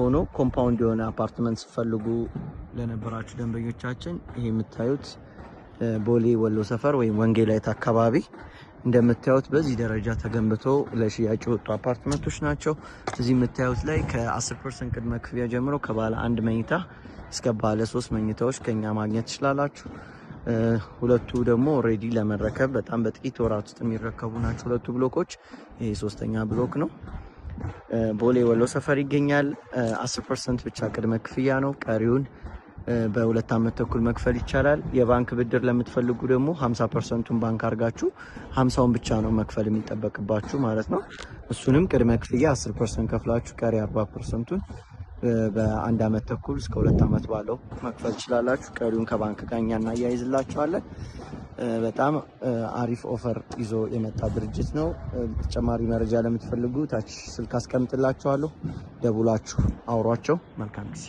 ሆኖ ኮምፓውንድ የሆነ አፓርትመንት ስትፈልጉ ለነበራችሁ ደንበኞቻችን ይህ የምታዩት ቦሌ ወሎ ሰፈር ወይም ወንጌላይት አካባቢ እንደምታዩት በዚህ ደረጃ ተገንብቶ ለሽያጭ የወጡ አፓርትመንቶች ናቸው። እዚህ የምታዩት ላይ ከ10 ፐርሰንት ቅድመ ክፍያ ጀምሮ ከባለ አንድ መኝታ እስከ ባለ ሶስት መኝታዎች ከኛ ማግኘት ትችላላችሁ። ሁለቱ ደግሞ ሬዲ ለመረከብ በጣም በጥቂት ወራት ውስጥ የሚረከቡ ናቸው። ሁለቱ ብሎኮች ይሄ ሶስተኛ ብሎክ ነው። ቦሌ ወሎ ሰፈር ይገኛል። 10 ፐርሰንት ብቻ ቅድመ ክፍያ ነው። ቀሪውን በሁለት ዓመት ተኩል መክፈል ይቻላል። የባንክ ብድር ለምትፈልጉ ደግሞ 50 ፐርሰንቱን ባንክ አድርጋችሁ 50ውን ብቻ ነው መክፈል የሚጠበቅባችሁ ማለት ነው። እሱንም ቅድመ ክፍያ 10 ፐርሰንት ከፍላችሁ ቀሪ 40 ፐርሰንቱን በአንድ ዓመት ተኩል እስከ ሁለት ዓመት ባለው መክፈል ትችላላችሁ። ቀሪውን ከባንክ ጋር እኛ እናያይዝላችኋለን። በጣም አሪፍ ኦፈር ይዞ የመጣ ድርጅት ነው። ተጨማሪ መረጃ ለምትፈልጉ ታች ስልክ አስቀምጥላችኋለሁ። ደውላችሁ አውሯቸው። መልካም ጊዜ